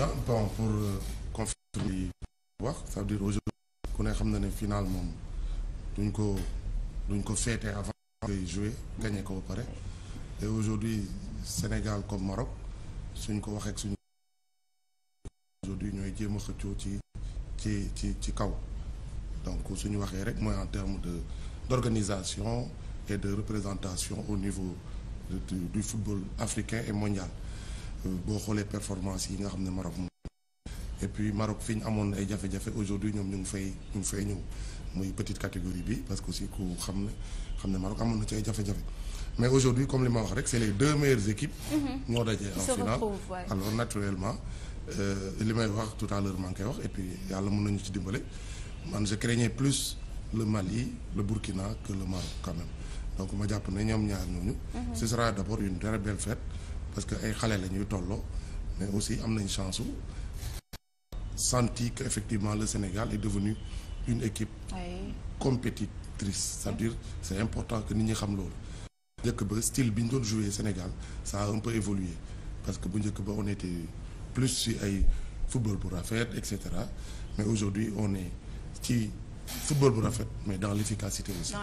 oui ah pour euh, confirmer li wax ça veut dire aujourd'hui ku ne xam na ne final moom duñ ko duñ ko féete avant koy jouer gagné ko ba pare et aujourd'hui Sénégal comme Maroc suñ ko waxee ak suñ aujourd'hui ñooy jéema a ci ci ci ci kaw donc suñu waxee rek mooy en terme de d'organisation et de représentation au niveau du, du football africain et mondial boo xoolee performance yi nga xam ne Maroc moom et puis Maroc fi ñu amoon ay jafe-jafe aujourd'hui ñoom ñu ngi fay ñu ngi fay ñëw muy petite catégorie bi parce que aussi ku xam ne xam ne Maroc amoon na ci ay jafe-jafe mais aujourd'hui comme li ma wax rek c'est les deux meilleures équipes mm-hmm. ñoo dajee en finale alors naturellement euh, li may wax tout à l'heure maa ngi koy wax et puis yàlla mun nañu ci dimbale man je craignais plus le Mali le Burkina que le Maroc quand même donc ma jàpp ne ñoom ñaar ñooñu mm-hmm. ce sera d'abord une parce que ay xale la ñuy tolloo mais aussi am nañu chance su senti que effectivement le Sénégal et devenu une équipe oui. compétitrice c'est-à-dire c'est important que nit ñi xam loolu njëkk ba style bi ñu doon jouer Sénégal ça a un peu évolué parce que bu njëkk ba on était plus ci ay football bu rafet et cetera mais aujourd'hui on ne ci football bu rafet mais dans l'efficacité aussi